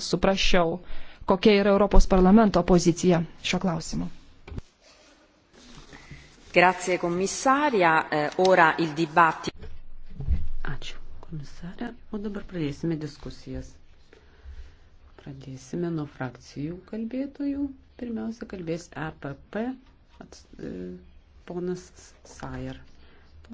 suprasčiau, kokia yra Europos parlamento pozicija šio klausimu. Grazie komisarija, eh, ora il dibattito. Ačiū komisarė, o dabar pradėsime diskusijas. Pradėsime nuo frakcijų kalbėtojų. Pirmiausia, kalbės EPP ats, e, ponas Sajer.